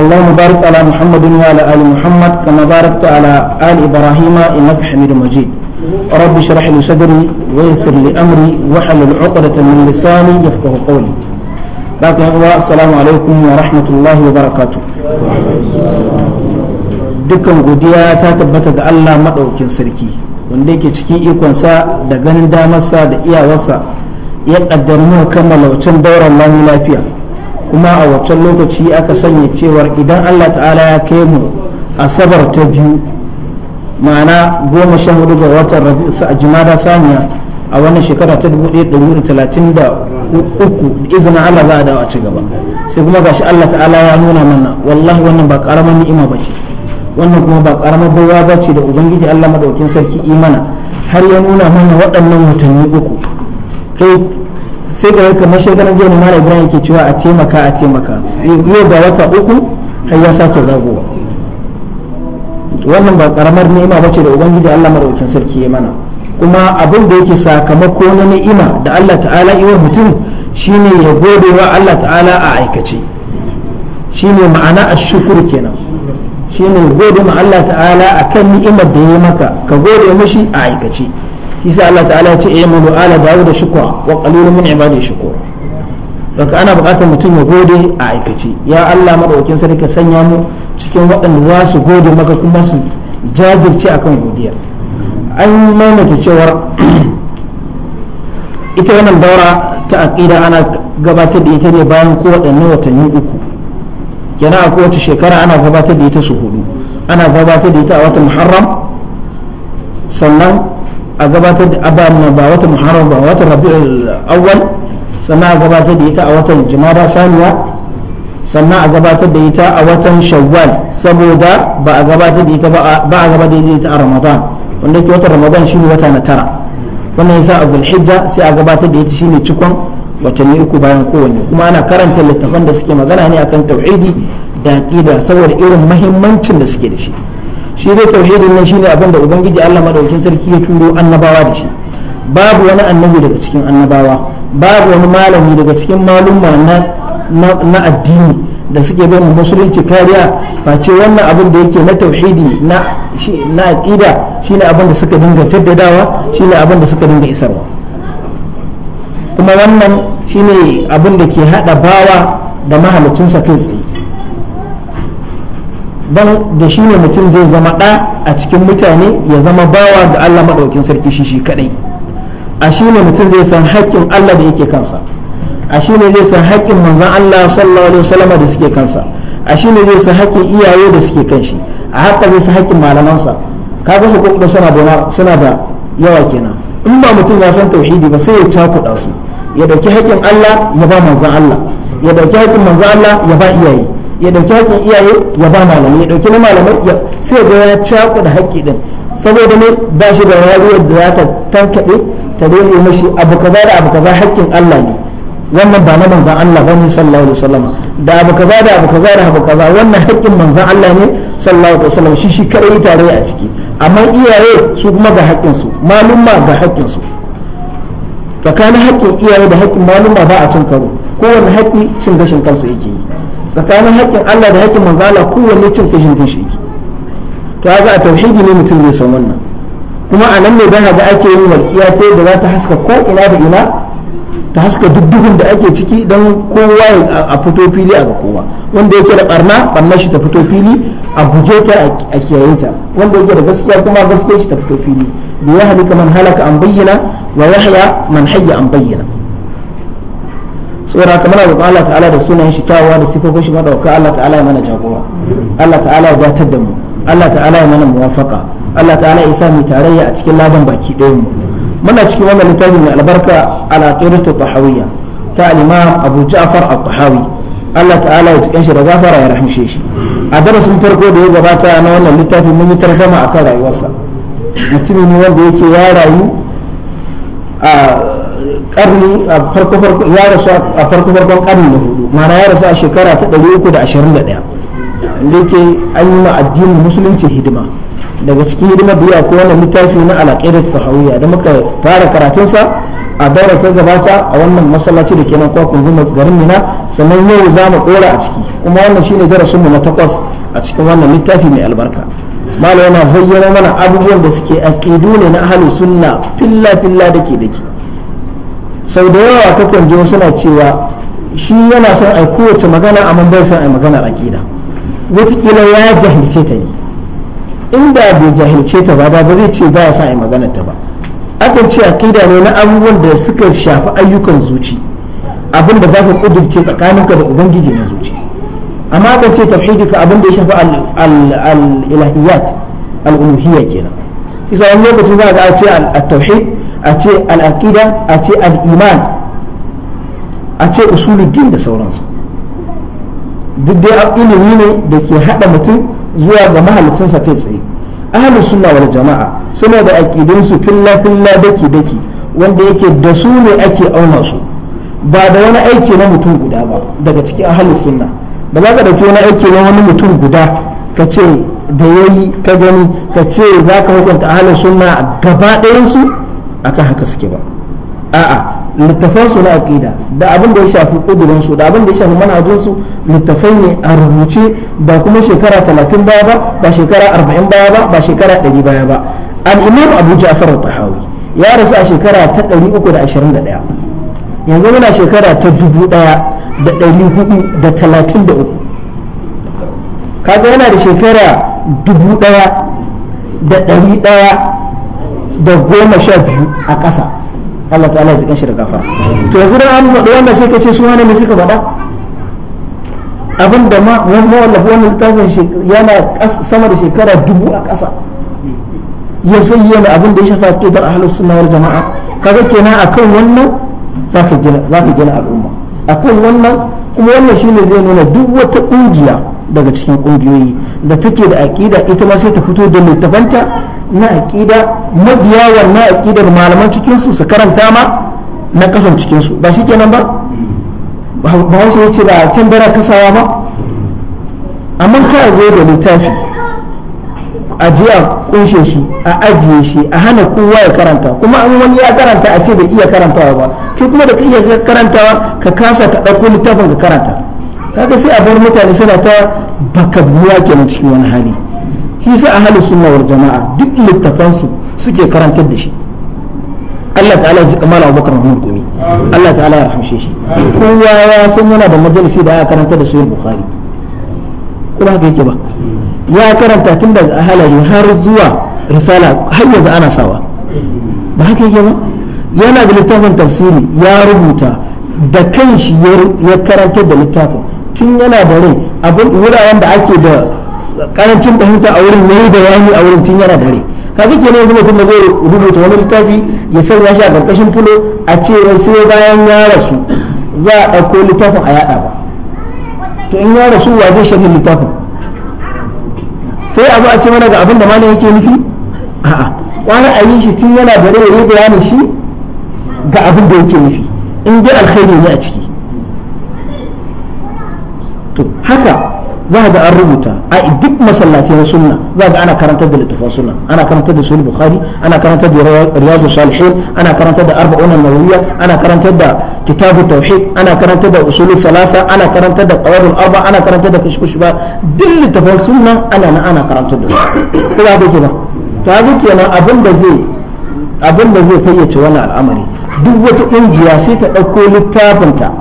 اللهم بارك على محمد وعلى آل محمد كما باركت على آل إبراهيم إنك حميد مجيد رب اشرح لي صدري ويسر لي أمري واحلل عقدة من لساني يفقه قولي باقي السلام عليكم ورحمة الله وبركاته dukkan godiya ta tabbata ga Allah maɗaukin sarki wanda yake cikin ikonsa da ganin damarsa da iyawarsa ya ƙaddar muka kammala wancan dauran lami lafiya kuma a waccan lokaci aka sanya cewar idan Allah ta'ala ya kai mu asabar ta biyu ma'ana goma sha hudu ga watan rabi'u a jimada saniya a wannan shekara ta uku izinin Allah za a dawo a ci gaba sai kuma gashi Allah ta'ala ya nuna mana wallahi wannan ba karamar ni'ima ba ce wannan kuma ba karamar baiwa ba ce da ubangiji Allah madaukin sarki imana har ya nuna mana waɗannan watanni uku kai sai ga kamar shekaran jiya mara ibrahim ke cewa a taimaka a taimaka yau ga wata uku har ya sake zagowa wannan ba karamar ni'ima ce da ubangiji Allah madaukakin sarki ya mana kuma abin da yake sakamako na ni'ima da Allah ta'ala iwa mutum shine ya gode wa Allah ta'ala a aikace shine ma'ana a shukuru kenan shine gode ma Allah ta'ala a kan ni'imar da ya maka ka gode mashi a aikace shi Allah ta'ala ya ce ayyamu eh, ala da shukura wa qalilun min ibadi shukura daga ana buƙatar mutum ya gode a aikace ya Allah maɗaukin sarki sanya mu cikin waɗanda za su gode maka kuma su jajirce akan godiyar an maimaita cewar ita wannan daura ta aƙida ana gabatar da ita ne bayan kowaɗanne watanni uku kenan a kowace shekara ana gabatar da ita su hudu ana gabatar da ita a watan muharram sannan a gabatar da abana ba wata muharram ba wata rabi'ul awwal sannan a gabatar da ita a watan jumada saniya sannan a gabatar da ita a watan shawwal saboda ba a gabatar da ita ba a gabatar da ita a ramadan wanda ke watan ramadan shine wata na tara wannan yasa a zulhijja sai a gabatar da ita shine cikon watanni uku bayan kowanne kuma ana karanta littafan da suke magana ne akan tauhidi da aqida saboda irin mahimmancin da suke da shi shi dai tauhidin nan shine abin da ubangiji Allah madaukakin sarki ya turo annabawa da shi babu wani annabi daga cikin annabawa babu wani malami daga cikin malumma na addini da suke bai mu musulunci kariya ce wannan abin da yake na tauhidi na na aqida shine abin da suka dinga jaddadawa shine abin da suka dinga isarwa kuma wannan shine abin da ke hada bawa da mahalicinsa kai tsaye dan da shi ne mutum zai zama ɗa a cikin mutane ya zama bawa ga Allah maɗaukin sarki shi shi kaɗai a shi ne mutum zai san haƙƙin Allah da yake kansa a shi ne zai san haƙƙin manzan Allah sallallahu alaihi wasallam da suke kansa a shi ne zai san haƙƙin iyaye da suke kan shi a haka zai san haƙƙin malamansa kaga hukumar suna da suna da yawa kenan in ba mutum ya san tauhidi ba sai ya cakuɗa su ya ɗauki haƙƙin Allah ya ba manzan Allah ya ɗauki haƙƙin manzan Allah ya ba iyaye ya dauki hakkin iyaye ya ba malamai ya dauki na malamai ya sai ga ya da haƙƙi din saboda ne ba shi da rayuwar da za ta tankaɗe ta daidai mashi abu kaza da abu kaza haƙƙin Allah ne wannan ba na manzan Allah bane sallallahu alaihi wasallam da abu kaza da abu kaza da abu kaza wannan haƙƙin manzan Allah ne sallallahu alaihi wasallam shi shi kadai tare a ciki amma iyaye su kuma ga haƙƙin su malumma ga haƙƙin su tsakanin haƙƙin iyaye da haƙƙin malumma ba a cin karo kowanne haƙƙi cin gashin kansa yake yi tsakanin haƙƙin Allah da haƙƙin manzala kowanne cin kishin kishi yake to za a tauhidi ne mutum zai san wannan kuma a nan ne za haka ake yin walƙiya ta yadda za ta haska ko ina da ina ta haska duk duhun da ake ciki don kowa a fito fili a ga kowa wanda yake da barna barna shi ta fito fili a guje ta a kiyaye ta wanda yake da gaskiya kuma gaskiya shi ta fito fili bi ya halika man halaka an bayyana wa yahya man hayya an bayyana saboda kamar roƙon Allah ta'ala da sunan shi kyawawa da sifofin shi madauka Allah ta'ala ya mana jagora Allah ta'ala ya datar da mu Allah ta'ala ya mana muwafaka Allah ta'ala ya sa mu tarayya a cikin ladan baki ɗaya mu muna cikin wannan littafin mai albarka al-aqidatu tahawiyya ta al-imam Abu Ja'far al-Tahawi Allah ta'ala ya cikin shi da gafara ya rahimshe shi a darasin farko da ya gabata na wannan littafin mun yi tarjama akan rayuwarsa mutumin ne wanda yake ya rayu a karni a farko farko ya rasu a farko farkon karni na hudu mana ya rasu a shekara ta 321 da ke an yi ma addinin musulunci hidima daga cikin hidima biya ko wani littafi na alaƙirar tahawiyya da muka fara karatunsa a daura ta gabata a wannan masallaci da kenan kwakwan goma garin mina sannan yau za mu ɗora a ciki kuma wannan shi shine mu na takwas a cikin wannan littafi mai albarka malam yana zayyana mana abubuwan da suke aƙidu ne na ahlus sunna filla filla da ke. sau da yawa kakan ji suna cewa shi yana son ai kowace magana amma bai son a magana a akida watakila ya jahilce ta ne inda bai jahilce ta ba da ba zai ce ba ya son yi magana ta ba akan ce akida ne na abubuwan da suka shafi ayyukan zuci abin da za ka kudurce tsakaninka da ubangiji na zuci amma akan ce tauhidi ka abin ya shafi al-ilahiyat al-uluhiyya kenan isa wani lokacin za a ga a ce al-tauhid a ce al'aqida a ce al'iman a ce usuluddin da sauransu duk dai ilimi ne da ke haɗa mutum zuwa ga mahalicinsa kai tsaye ahalin suna wani jama'a suna da aqidun filla filla daki daki wanda yake da su ne ake auna su ba da wani aiki na mutum guda ba daga cikin ahalin suna. ba za ka dauki wani aiki na wani mutum guda ka ce da yayi ka gani ka ce za ka hukunta ahalin suna gaba ɗayan akan haka suke ba a'a littafan su na aqida da abin da ya shafi kudurin su da abin da ya shafi manhajin su littafai ne a rubuce ba kuma shekara 30 baya ba ba shekara 40 baya ba ba shekara 100 baya ba al-imam Abu Ja'far tahawi ya rasu a shekara ta 321 yanzu muna shekara ta 1433 kaga yana da shekara 1100 da goma sha biyu a ƙasa Allah ta'ala ya shi da gafara to yanzu an faɗi wanda sai ka ce su wane ne suka faɗa Abinda ma wannan littafin yana sama da shekara dubu a ƙasa ya yi abin da ya shafa ƙidar ahlus sunna wal jama'a kaga kenan akan wannan zaka gina zaka gina al'umma akan wannan kuma wannan shine zai nuna duk wata ƙungiya daga cikin ƙungiyoyi da take da aƙida ita ma sai ta fito da littafanta na aƙida mabiya wannan aƙidar malaman cikinsu su karanta ma na kasan cikinsu ba shi kenan ba ba wasu ya ce ba kyan bara kasawa ba amma ka zo da littafi a je a kunshe shi a ajiye shi a hana kowa ya karanta kuma an wani ya karanta a ce bai iya karantawa ba ke kuma da ka iya karantawa ka kasa ka ɗauko littafin ka karanta kaga sai a bar mutane suna ta bakabuwa kenan cikin wani hali shi sa ahlus sunna wal jama'a duk littafansu suke karanta da shi Allah ta'ala ji kamar Abubakar Muhammad Gumi Allah ta'ala ya rahamshe shi kowa ya san yana da majalisi da ya karanta da Sahih Bukhari ba haka yake ba ya karanta tun daga ahalari har zuwa risala har yanzu ana sawa ba haka yake ba yana da littafin tafsiri ya rubuta da shi ya karanta da littafin tun yana da rai abin wuraren da ake da karancin fahimta a wurin yayi bayani a wurin tun yana dare kaga kenan yanzu mutum da zai rubuta wani littafi ya san ya sha karkashin fulo a cewa sai bayan ya rasu za a ɗauko littafin a yaɗa ba to in ya rasu wa zai shafi littafin sai abu a ce mana ga abin da malam yake nufi a'a wani a yi shi tun yana dare ya yi bayanin shi ga abin da yake nufi in dai alkhairi ne a ciki to haka za ga an rubuta a duk masallaci na sunna za ga ana karantar da littafin sunna ana karantar da sahih bukhari ana karantar da riyadu salihin ana karantar da arba'un an-nawawiyya ana karantar da kitabu tauhid ana karantar da usulu thalatha ana karantar da qawaid arba ana karantar da kashkush ba duk littafin sunna ana na ana karantar da su ko ba kake ba to haka kenan abin da zai abin da zai fayyace wannan al'amari duk wata kungiya sai ta dauko littafinta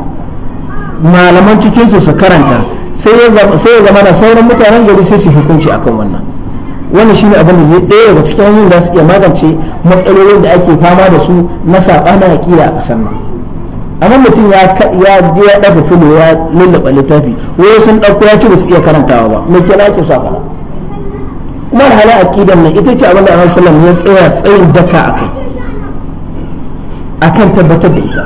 malaman cikin su su karanta sai ya zama da sauran mutanen gari sai su hukunci akan wannan wannan shine abin da zai ɗaya daga cikin hanyoyin da su iya magance matsalolin da ake fama da su na saɓanin aƙida a ƙasar nan amma mutum ya ya je ya dafa filo ya lullaba littafi wai sun ɗauko ya ci ba su iya karantawa ba me kenan ake sa fara kuma da halin aqidan nan ita ce abin da Annabi sallallahu alaihi wasallam ya tsaya tsayin daka akai akan tabbatar da ita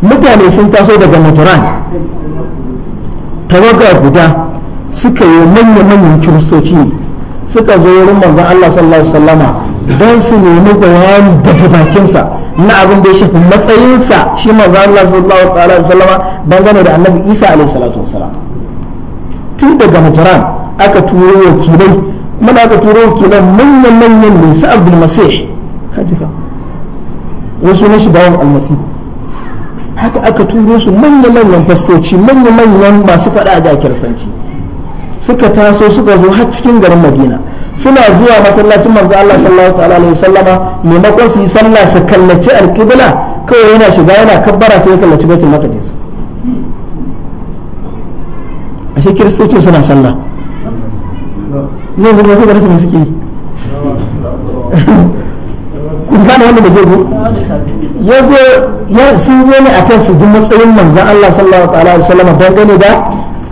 mutane sun taso daga Najran tawaga guda suka yi manya-manyan kiristoci suka zo wurin manzon Allah sallallahu alaihi wasallama don su nemi bayani daga bakinsa na abin da ya shafi matsayinsa shi manzon Allah sallallahu alaihi wasallama dangane da annabi Isa alaihi salatu wasallam tun daga Majaran aka turo wakilai kuma da aka turo wakilan manyan manyan ne su Abdul Masih kaji fa wasu ne shi bawon almasihi haka aka turo su manya-manyan fastoci manya-manyan masu faɗa a jakar sarki suka taso suka zo har cikin garin madina suna zuwa masallacin manzo Allah sallallahu alaihi wasallama maimakon su yi sallah su kallaci alqibla kawai yana shiga yana kabbara sai ya kallaci baitul maqdis ashe kiristoci suna sallah ne zuwa sai da suke ku kana wanda da gogo ya zo ya sun zo ne akan su ji matsayin manzon Allah sallallahu ta'ala alaihi wasallam dangane da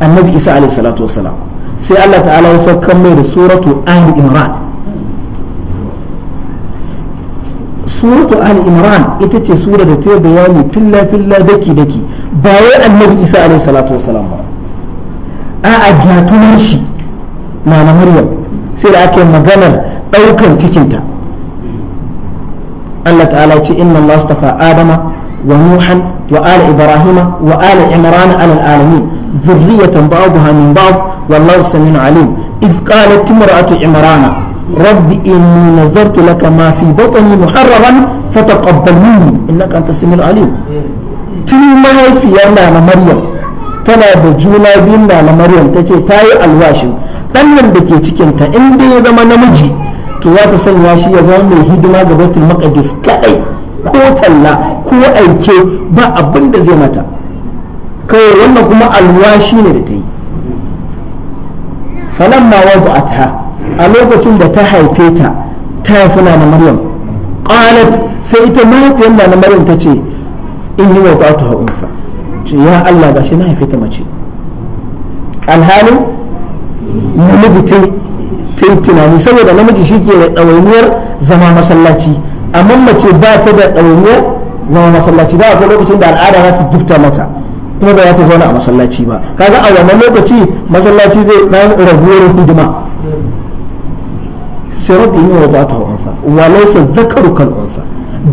annabi Isa alaihi salatu wasallam sai Allah ta'ala ya saukar mai da suratu Ali Imran suratu Ali Imran ita ce sura da ta bayani filla filla daki daki ba wai annabi Isa alaihi salatu wasallam ba a'a gatunar shi na Maryam sai da ake maganar daukan cikinta Allah ta'ala ce inna Allah astafa adama wa nuhan wa ala ibrahima wa ala imran ala alamin zurriyatan ba'daha min ba'd wallahu samiu alim إذ قالت امرأة عمران رب إني نذرت لك ما في بطني محررا فتقبل مني إنك أنت السميع العليم tun mahaifiyar na na maryam tana da juna biyun na na maryam ta ce ta dan alwashin ɗannan da ke cikinta in dai ya zama namiji to za ta sanya shi ya zama mai hidima ga baitul maqdis kadai ko talla ko aike ba abin da zai mata kawai wannan kuma alwashi ne da ta yi falamma wada'atha a lokacin da ta haife ta ta haifi na maryam qalat sai ita mahaifiyar na maryam ta ce in yi wada'atuha unsa ce ya Allah gashi na haife ta mace alhalin namiji ta ta yi tunani saboda namiji shi ke da ɗawainiyar zama masallaci amma mace ba ta da ɗawainiyar zama masallaci da akwai lokacin da al'ada za ta dubta mata kuma ba za ta zauna a masallaci ba kaga a wannan lokaci masallaci zai dan raguwar hidima sai rabbi ne wa zata unsa wa laysa dhakaru kal unsa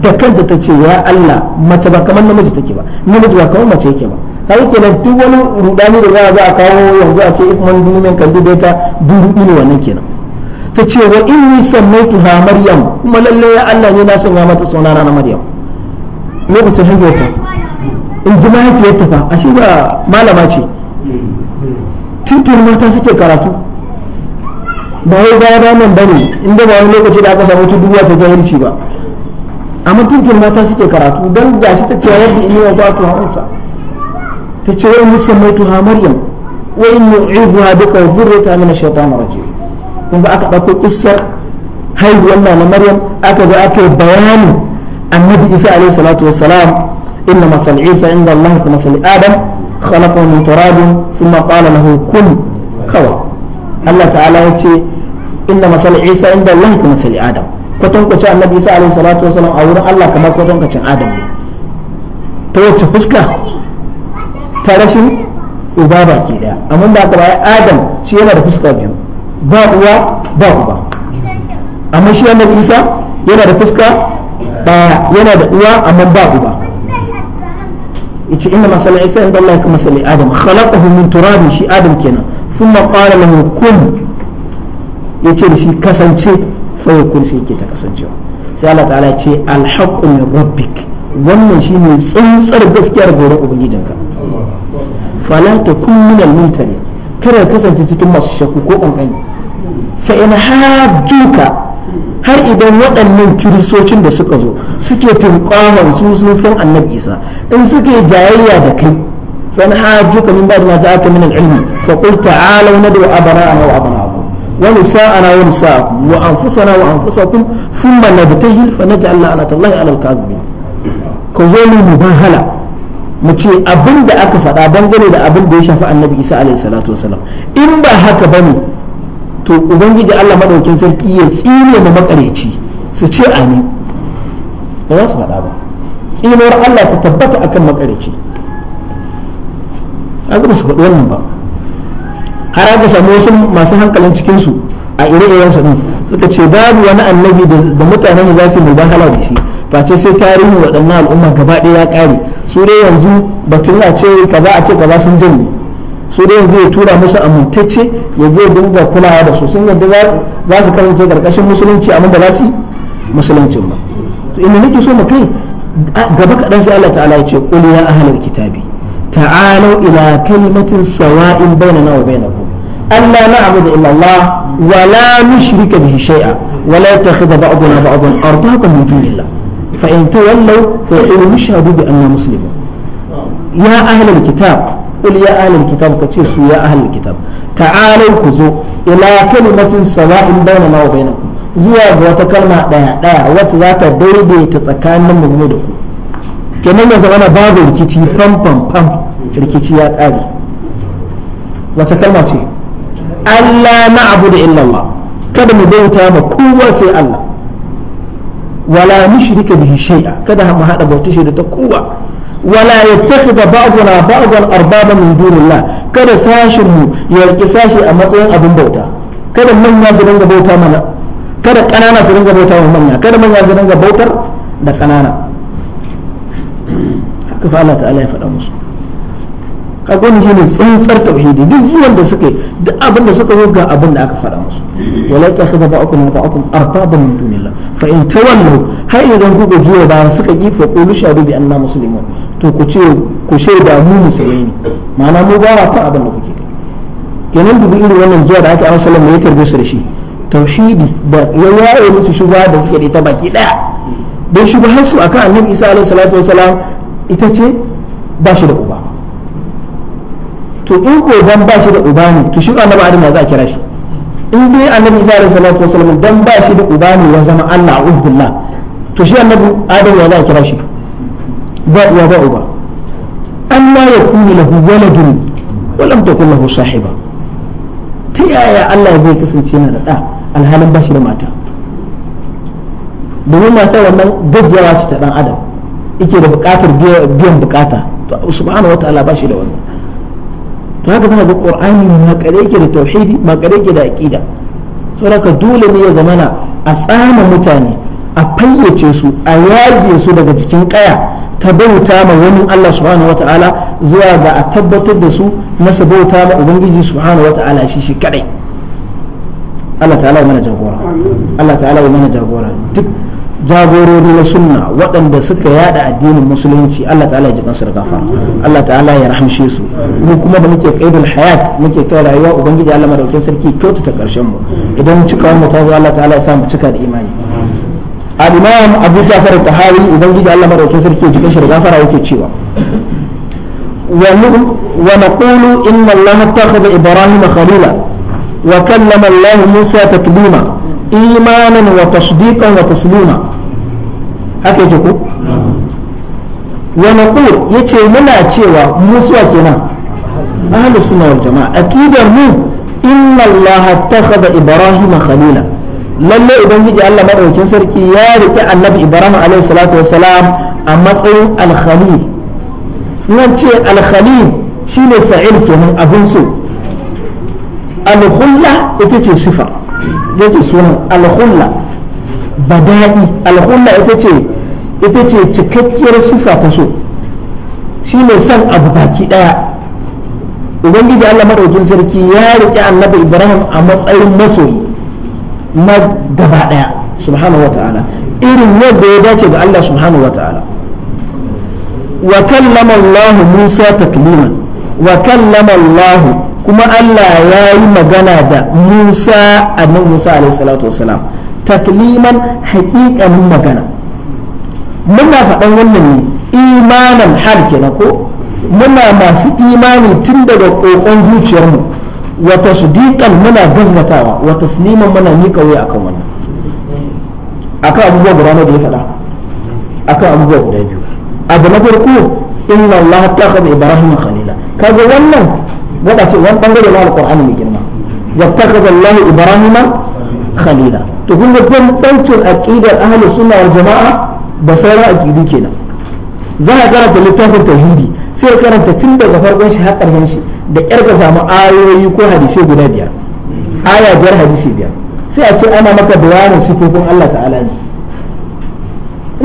da kanta tace ya Allah mace ba kamar namiji take ba namiji ba kamar mace yake ba kai kenan duk wani rudani da za a a kawo yanzu a ce ikman duniyan kan duk ta duru ne wannan kenan ta ce wa inni sammaitu ha maryam kuma lalle ya Allah ne na ya mata sunana na maryam lokacin haihuwarta in ji mahaifiyarta fa shi ba malama ce Tuntun mata suke karatu ba wai gaya ba ne inda ba wani lokaci da aka samu tuduwa ta jahilci ba amma tutun mata suke karatu don shi ta cewa yadda inni wa ta unsa تتشي وإني سميتها مريم وإني أعيذها بك وذريتها من الشيطان الرجيم kun ba aka ɗauko kissar haihuwar na maryam aka ga aka bayani annabi isa alaihi salatu wassalam inna mafal isa inda allah ka mafal adam khalaqa min turabin thumma qala lahu kun kawa allah ta'ala ya ce inna mafal isa inda allah ka mafal adam kwatankwacin annabi isa alaihi salatu wassalam a wurin allah kamar kwatankwacin adam ne ta wacce fuska ta uba baki daya amma ba ka bai adam shi yana da fuska biyu ba uwa ba uba amma shi annabi isa yana da fuska daya yana da uwa amma ba uba yace inna masal isa inda Allah kama sali adam khalaqahu min turabin shi adam kenan thumma qala lahu kun yace da shi kasance fa yakun sai yake ta kasancewa sai Allah ta'ala ya ce alhaqqu min rabbik wannan shine tsantsar gaskiyar gobe ubangijinka fala takun min al-mumtari kada kasance cikin masu shakku ko kankani fa in hajjuka har idan waɗannan kiristocin da suka zo suke tunƙaman su sun san annabi isa in suke jayayya da kai fa in hajjuka min ba'd ma ja'aka min al-ilmi fa qul ta'alu nad'u abara'ana wa abara'akum wa nisa'ana wa nisa'akum wa anfusana wa anfusakum thumma nabtahil fa naj'al la'nata Allahi 'ala al-kadhibin ko ban hala. mu ce abin da aka faɗa dangane da abin da ya shafi annabi isa alaihi salatu wasalam in ba haka ba ne to ubangiji allah maɗaukin sarki ya tsine ma makareci su ce amin ba za su faɗa ba tsinuwar allah ta tabbata akan makareci a ba su faɗi wannan ba har aka samu wasu masu hankalin cikinsu a ire-irensu ne suka ce babu wani annabi da mutanen za su yi halar da shi face sai tarihin waɗannan al'umma gaba ɗaya ya ƙare su dai yanzu batun a ce kaza a ce kaza sun janye su dai yanzu ya tura musu amintacce ya zo dinga kulawa da su sun yadda za su kasance karkashin musulunci amma ba za su yi musuluncin ba to inda nake so mu kai gaba kaɗan sai Allah ta'ala ya ce qul ya ahlal kitabi ta'alu ila kalimatin sawa'in bainana wa bainakum alla na'budu illa Allah wa la nushrika bihi shay'a wa la yattakhidha ba'duna ba'dan arbaban min dunillah فإن تولوا فإن يشهدوا بأننا مسلم يا أهل الكتاب قل يا أهل الكتاب كتيسوا يا أهل الكتاب تعالوا كزو إلى كلمة سواء بيننا وبينكم zuwa ga wata kalma ɗaya ɗaya wacce za ta daidaita tsakanin mu da ku kenan ya zama babu rikici fam fam fam rikici ya ƙare wata kalma ce Allah na abu da illallah kada mu bauta ma kowa sai Allah wala nushrika bihi shay'a kada mu hada bauta shi da ta kowa wala yattakhidha ba'duna ba'dan arbaba min dunillah kada sashin mu ya riki sashi a matsayin abin bauta kada manya su dinga bauta mana kada kanana su dinga bauta wa manya kada manya su dinga bautar da kanana haka fa Allah ta'ala ya tauhidi duk da suke duk abin da suka zo ga abin da aka faɗa musu wala ta kaza ba akum ba akum min dunillah fa in tawallu har idan kuka juya ba suka kifa fa qulu shahadu bi anna muslimun to ku ce ku da mu musulmai ne ma'ana mu ba ta abin da kuke kenan dubi irin wannan zuwa da aka yi sallallahu ya tarbiyar su da shi tauhidi da ya yaye musu shubha da suke da ita baki daya dan shubhar su akan annabi isa alaihi salatu wasalam ita ce ba shi da uba to in ko dan ba shi da uba ne to shi annabi adam ya za a kira shi in dai annabi isa alaihi salatu wasallam dan ba shi da uba ne ya zama Allah uzbillah to shi annabi adam ya za a kira shi ba uwa ba uba Allah ya kuni lahu waladun wa lam takun lahu sahiba ta yaya Allah zai kasance yana da da alhalin ba shi da mata domin mata wannan gajiyawa ce ta dan adam yake da bukatar biyan bukata to subhanahu wataala ba shi da wannan to haka zaka ga ma makare yake da tauhidi makare yake da da ka dole ne ya zamana a tsama mutane a fayyace su a yaje su daga cikin ƙaya ta bauta ma wani Allah subhanahu wataala zuwa ga a tabbatar da su masa bauta ma ubangiji subhanahu wataala shi shi kadai Allah ta'ala mana jagora Allah ta'ala ya mana jagora duk jagorori na sunna waɗanda suka yada addinin musulunci Allah ta'ala ya ji kansu da kafa Allah ta'ala ya rahamshe su mu kuma da muke kaidul hayat muke kai rayuwa ubangiji Allah madaukakin sarki kyautata karshen mu idan cika mu ta zo Allah ta'ala ya sa mu cika da imani al-imam Abu Ja'far tahawi ubangiji Allah madaukakin sarki ya ji kansu da gafara yake cewa wa naqulu inna Allah takhadha Ibrahim khalila wa kallama Allah Musa taklima imanin wata tasdiqan wa taslima haka yake ko wa naqul yace muna cewa mu kenan ahlus suna wal jamaa akidar mu inna Allah takhadha ibrahim khalila lalle ubangiji Allah madaukin sarki ya rike annabi ibrahim alaihi salatu wassalam a matsayin al-khalil nan ce al-khalil shine fa'il kenan abin so al-khulla ita ce sifa yake sunan alhulla ba daɗi alhulla ita ce ita ce cikakkiyar sifa ta so shi ne san abu baki ɗaya ubangiji allah maɗaukin sarki ya riƙe annabi ibrahim a matsayin masoyi na gaba ɗaya subhanahu wa ta'ala irin yadda ya dace ga allah subhanahu wa ta'ala wa kallama allah musa takliman wa kallama allah kuma Allah ya yi magana da Musa annabi Musa alaihi salatu wasalam takliman haƙiƙanin magana muna faɗan wannan ne imanan har kenan ko muna masu imani tun daga ƙoƙon zuciyarmu su tasdiqan muna gazgatawa neman mana muna kawai a akan wannan kan abubuwa guda da ya faɗa kan abubuwa guda biyu abu na farko inna Allah ta ibrahim khalila kaga wannan wanda ce wani bangare na alkur'ani mai girma wattakhadha Allah ibrahima khalila to kun ga bambancin aqidar ahli suna wal jama'a da sauran aqidu kenan za a karanta littafin tauhidi sai karanta tun daga farkon shi har shi da ƴar ka samu ayoyi ko hadisai guda biyar aya biyar hadisi biyar sai a ce ana maka bayanin sifofin Allah ta'ala ne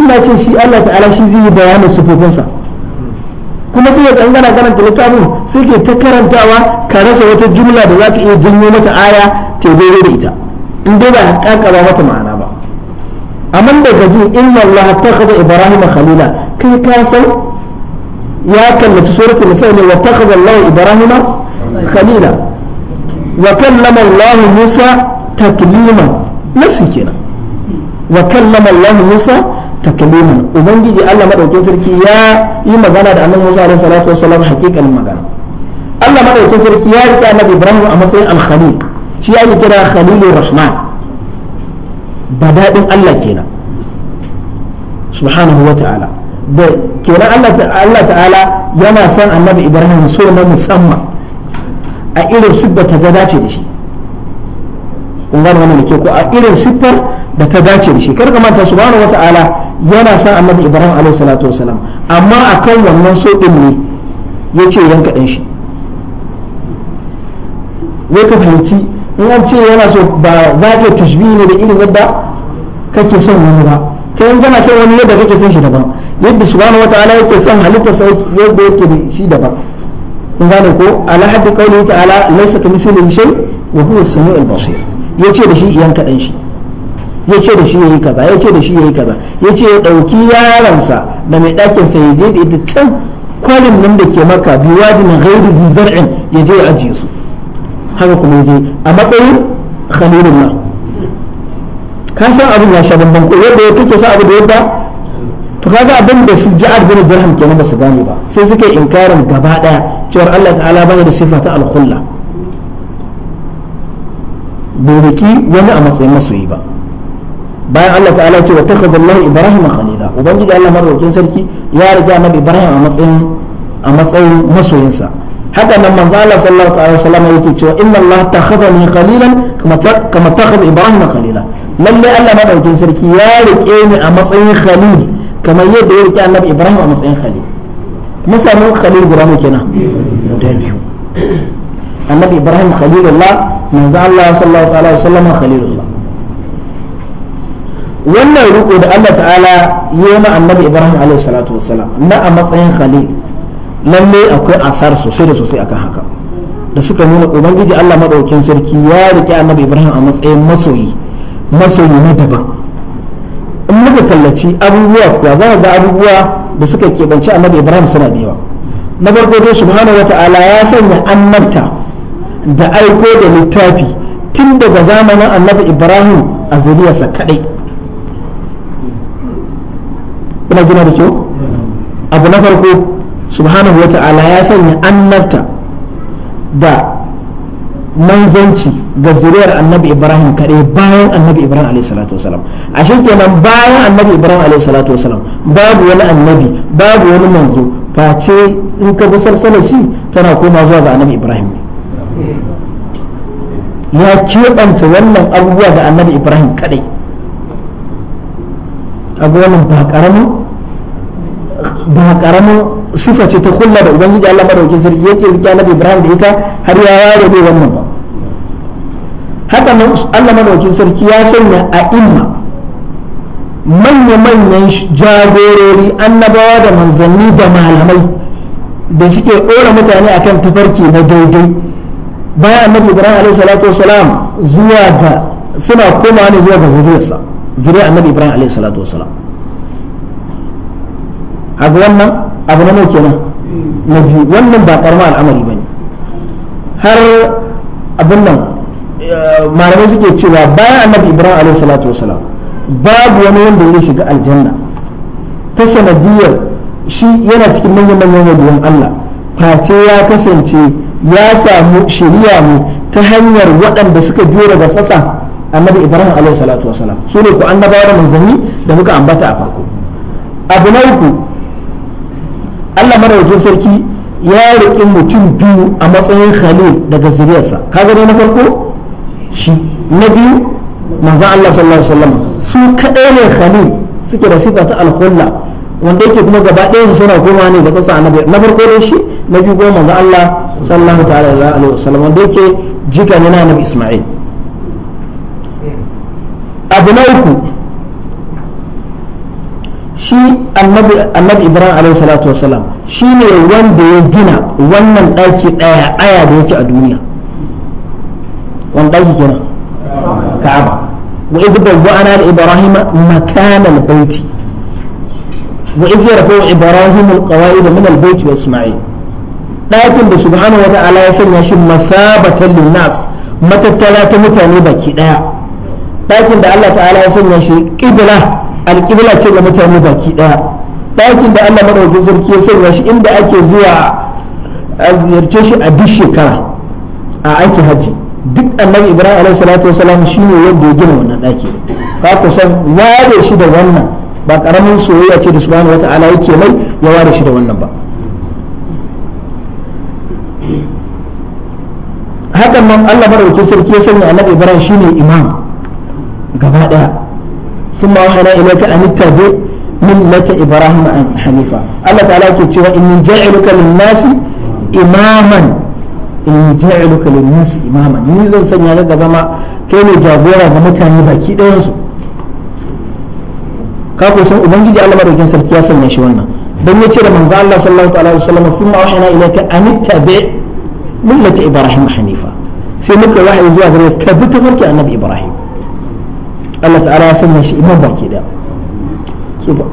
ina ce shi Allah ta'ala shi zai yi bayanin sifofinsa kuma sai ya kana karanta littafin sai ke ta karantawa ka rasa wata jumla da za ka iya janyo mata aya ta daidai da ita in dai ba kakaba mata ma'ana ba amma da ka ji inna Allah ta kaza Ibrahim khalila kai ka san ya kallaci suratul nisa ne wa takhadha Allah Ibrahim khalila wa kallama Allah Musa taklima nasu kenan wa kallama Allah Musa takliman ubangiji Allah madaukakin sarki ya yi magana da annabi Musa alaihi salatu wassalam hakikalin magana Allah madaukakin sarki ya rike annabi Ibrahim a matsayin al-khalil shi ya yi kira khalilur rahman ba badadin Allah kenan subhanahu wa ta'ala da kenan Allah ta'ala yana son annabi Ibrahim so na musamman a irin subba ta dace da shi kun gane wannan da ke ko a irin siffar da ta dace da shi kar ka manta subhanahu wataala yana sa annabi ibrahim alaihi salatu wasalam amma akan wannan so din ne yace yanka dan shi wai ka fahimci in an ce yana so ba za ka tashbihi ne da irin yadda kake son wani ba kai in kana son wani yadda kake son shi daban yadda subhanahu wataala yake son halittarsa yadda yake shi daban kun gane ko ala haddi qawli ta'ala laysa kamithlihi shay wa huwa as-sami'ul basir ya ce da shi iyan kaɗan shi ya ce da shi ya yi kaza ya ce da shi ya yi kaza ya ce ya ɗauki yaransa da mai ɗakin sa ya je da ita can kwalin nan da ke maka biwadin gairu zar'in ya je ya ajiye su haka kuma je a matsayin khalilullah ka san abin ya sha bambam ko yadda kake sa abu da yadda to kaga abin da su ja'ad bin dirham kenan ba su gane ba sai suka yi inkarin gaba ɗaya cewar Allah ta'ala ba da sifa ta bai roƙi wani a matsayin masoyi ba bayan Allah ta'ala ce wa takhadha Allah Ibrahim khalila ubangiji Allah madaukakin sarki ya riga annabi Ibrahim a matsayin a matsayin masoyinsa haka nan manzo Allah sallallahu alaihi wasallam yake cewa inna Allah takhadhani khalilan kama kama takhadha Ibrahim khalila lalle Allah madaukakin sarki ya rike ni a matsayin khalil kamar yadda ya rike annabi Ibrahim a matsayin khalil mun samu khalil guda mu kenan da biyu annabi ibrahim khalilullah manzo Allah sallallahu alaihi wasallam khalilullah wannan ruko da Allah ta'ala yi ma annabi ibrahim alaihi salatu wasallam na a matsayin khalil lalle akwai asar sosai da sosai akan haka da suka nuna ubangiji Allah madaukin sarki ya rike annabi ibrahim a matsayin masoyi masoyi na daban in muka kallaci abubuwa kuwa za ga abubuwa da suka keɓanci annabi ibrahim suna da yawa na farko dai subhanahu wata'ala ya sanya annabta da aiko da littafi tun daga zamanin annabi ibrahim a zuriyarsa kadai kuna gina da kyau abu na farko subhanahu wa ta'ala ya sanya annabta da manzanci ga zuriyar annabi ibrahim kadai bayan annabi ibrahim alaihi salatu wasalam a shi kenan bayan annabi ibrahim alaihi salatu wasalam babu wani annabi babu wani manzo face in ka bi sarsalar shi tana koma zuwa ga annabi ibrahim ne ya keɓanta wannan abubuwa da annabi ibrahim kadai a wannan ba karamin ba karamin sifa ce ta kulla da ubangiji Allah madaukin sarki ya kirki annabi ibrahim da ita har ya ware bai wannan ba haka nan Allah madaukin sarki ya sanya a imma manya-manyan jagorori annabawa da manzanni da malamai da suke ɗora mutane akan tafarki na daidai bayan annabi ibrahim alaihi salatu wasalam zuwa ga suna koma ne zuwa ga zuriyarsa zuriyar annabi ibrahim alaihi salatu wasalam a wannan abu na mai kenan na biyu wannan ba karma al'amari ba ne har abin nan malamai suke cewa bayan annabi ibrahim alaihi salatu wasalam babu wani wanda ya shiga aljanna ta sanadiyar shi yana cikin manyan manyan wadiyan allah face ya kasance ya samu shari'a ne ta hanyar waɗanda suka biyo daga sasa annabi ibrahim alaihi salatu wasalam su ne ku annabawa da manzanni da muka ambata a farko abu na uku allah sarki ya riƙi mutum biyu a matsayin khalil daga zuriyarsa Ka gani na farko shi na biyu manzan allah sallallahu alaihi su kaɗai ne khalil suke da sifa ta alhulla wanda yake kuma gaba su suna komawa ne ga tsatsa annabi na farko ne shi na biyu goma ga Allah sallallahu ta'ala alaihi wasallam wanda yake jika ne na annabi Isma'il abu na uku shi annabi Ibrahim alaihi salatu wasallam shi ne wanda ya gina wannan ɗaki ɗaya aya da yake a duniya wani ɗaki kenan ka'aba wa idh bawwa'na li ibrahima makana al-bayti wa idh wa ibrahim al-qawa'id min al-bayti wa isma'il ɗakin da subhanahu wa ta'ala ya sanya shi masabatan linnas matattara ta mutane baki ɗaya ɗakin da Allah ta'ala ya sanya shi kibla alƙibla ce ga mutane baki ɗaya ɗakin da Allah madaukakin sarki ya sanya shi inda ake zuwa a ziyarce shi a duk shekara a aiki hajji duk annabi ibrahim alaihi salatu wasalam shi ne yadda ya gina wannan ɗaki ka san ware shi da wannan ba karamin soyayya ce da subhanahu wa ta'ala yake mai ya ware shi da wannan ba hakan nan Allah madauki sarki ya sanya annabi Ibrahim shine imam gaba daya thumma wahana ilayka an tabi millata Ibrahim an hanifa Allah ta'ala ke cewa inni ja'iluka lin-nasi imaman inni ja'iluka lin-nasi imaman ni zan sanya ka gaba ma kai ne jagora ga mutane baki ɗayan su ka ko san ubangiji Allah madaukin sarki ya sanya shi wannan dan ya da manzo Allah sallallahu alaihi wasallam thumma wahana ilayka an tabi millata Ibrahim hanifa sai muka wahayi zuwa gare ta bi ta farki annabi ibrahim Allah ta'ala ya sanya shi imam baki da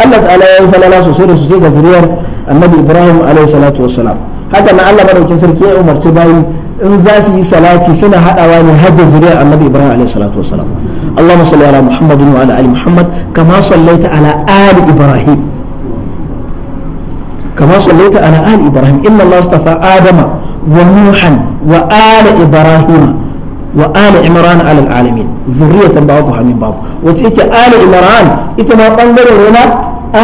Allah ta'ala ya yi falala sosai da sosai ga zuriyar annabi ibrahim alaihi salatu wassalam haka na Allah madaukin sarki ya umarci bayi in za su yi salati suna haɗawa ne har da zuriyar annabi ibrahim alaihi salatu wassalam اللهم صل على محمد وعلى ال محمد كما صليت على ال ابراهيم كما صليت على ال ابراهيم ان الله اصطفى وآل إبراهيم وآل عمران على العالمين ذرية بعضها من بعض وتلك آل عمران إتما تنظر هنا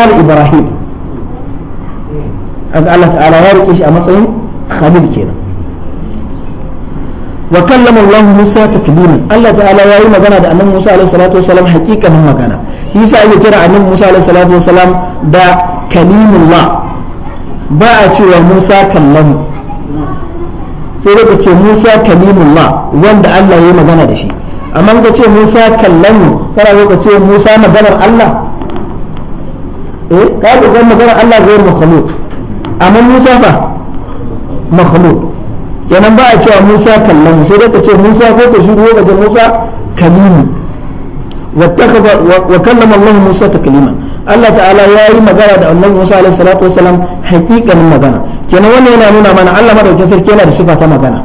آل إبراهيم أن الله تعالى يارك إيش أمصين خبير كينا وكلم الله موسى تكليما الله تعالى يا يوم غنى موسى عليه الصلاة والسلام حقيقة ما كان يسا ترى أن موسى عليه الصلاة والسلام دا كليم الله باعتي وموسى كلمه sai da ka ce musa kalimullah wanda allah ya magana da shi amma ka ce musa kallamu kana zo ka ce musa maganar allah eh ka ga maganar allah zai makhluq amma musa fa makhluq kenan ba a cewa musa kallamu sai dai ka ce musa ko ka shiru ka ce musa kalimu wa kallama allah musa ta taklima Allah ta'ala ya yi magana da annabi Musa alaihi salatu wasalam hakikanin magana kenan wannan yana nuna mana Allah madaukakin sarki yana da sifa ta magana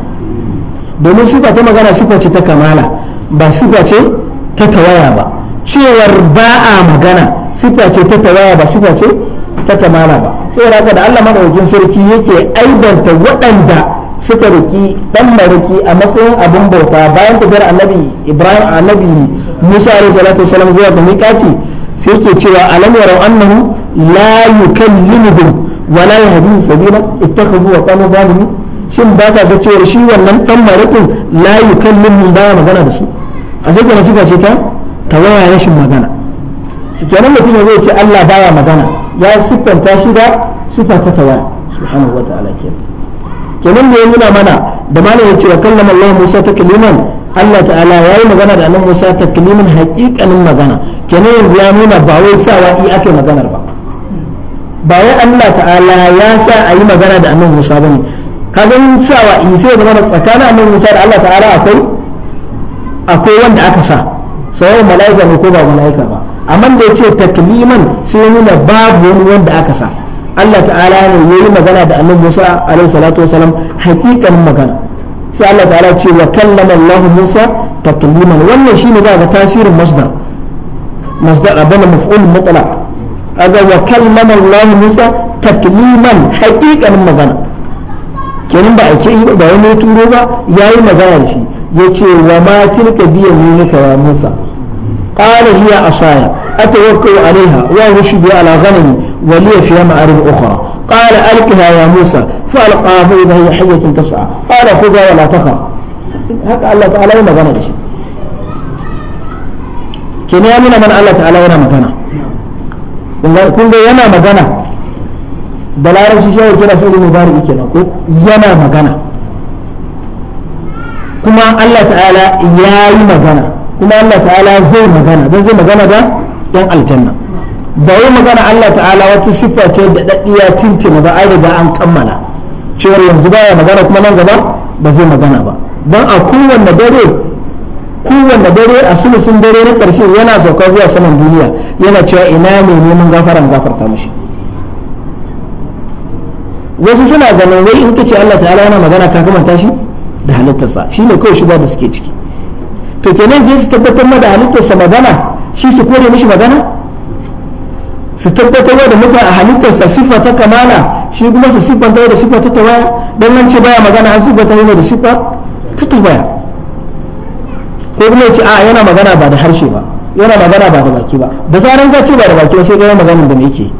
domin sifa ta magana sifa ce ta kamala ba sifa ce ta tawaya ba cewar ba a magana sifa ce ta tawaya ba sifa ce ta kamala ba saboda haka da Allah madaukakin sarki yake aibanta waɗanda suka riki dan mariki a matsayin abin bauta bayan tafiyar annabi Ibrahim annabi Musa alaihi salatu wasalam zuwa ga miƙati sai ke cewa alam yarau annahu la yukallimuhum wa la yahdihim sabila ittakhadhu wa qalu zalimin shin ba sa ga cewa shi wannan dan marakin la yukallimuhum ba magana da su a sai kana suka ce ta tawaya rashin magana shi kenan mutum zai ce Allah baya magana ya siffanta shi da siffa ta tawaya subhanahu wa ta'ala kenan kenan da ya nuna mana da malam ya ce wa kallama Allah Musa takliman Allah ta'ala yayi magana da annabi Musa takliman haƙiƙanin magana kenan yanzu ya nuna ba wai sa i ake maganar ba ba wai Allah ta'ala ya sa a yi magana da annabi Musa bane ka ganin sawa i sai zama da tsakanin annabi Musa da Allah ta'ala akwai akwai wanda aka sa sai mala'ika ne ko ba mala'ika ba amma da ya ce takliman sai nuna babu wani wanda aka sa Allah ta'ala ne ya yi magana da annabi Musa alaihi salatu wasalam hakikan magana sai Allah ta'ala ce wa kallama Allah Musa takliman wannan shine da ga tasirin masdar masdar abana maf'ul mutlaq aga wa kallama Allah Musa takliman haqiqan magana kenan ba a ce ba wani turo ba yayi magana da shi yace wa ma tilka biyaminika ya Musa قال هي عصاي أتوكل عليها وأرشد على غنمي ولي فيها مآرب أخرى قال ألقها يا موسى فألقاه إذا هي حية تسعى قال خذها ولا تخف هكذا الله تعالى ما kene ya nuna mana Allah ta'ala yana magana kun ga yana magana da larabci shi ya kira fi'il mudari na ko yana magana kuma Allah ta'ala ya yi magana kuma Allah ta'ala zai magana don zai magana da dan aljanna da yi magana Allah ta'ala wata siffa ce da daddiya tintina ba an riga an kammala cewar yanzu baya magana kuma nan gaba ba zai magana ba don a kowanne dare kowanne dare a sulusun dare na ƙarshe yana sauka zuwa saman duniya yana cewa ina ne neman gafaran gafarta mashi wasu suna ganin wai in kace Allah ta'ala yana magana ka kamanta tashi da halittarsa shine kawai shuba da suke ciki to kenan sai su tabbatar ma da halittarsa magana shi su kore mishi magana su tabbatar da mutane a halittarsa siffa ta kamala shi kuma su siffanta da siffa ta tawaya don nan ce baya magana an siffanta da siffa ta tawaya ko kuma ce a ah, yana magana ba da harshe ba yana magana ba da baki ba da zaran ka ce ba da baki ba sai ga magana da me yake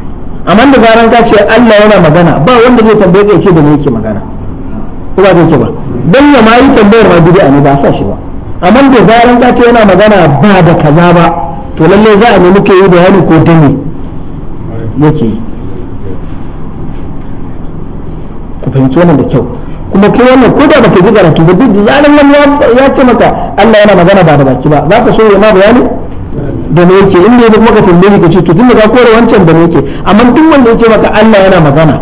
amma da zaran ka ce Allah yana magana ba wanda zai tambaye ka yace da me yake magana ko ba zai ce ba dan ya mai yi tambayar ma bid'a ne ba sa shi ba amma da zaran ka ce yana magana ba da kaza ba to lalle za a nemi kai da hali ko dani yake yi ku fahimci wannan da kyau kuma kai wannan ko da baka ji karatu ba duk zalim nan ya ce maka Allah yana magana ba da baki ba za ka so ya ma bayani da me yake in ne duk maka tambaye ka ce to tun ka kore wancan da me yake amma duk wanda ya ce maka Allah yana magana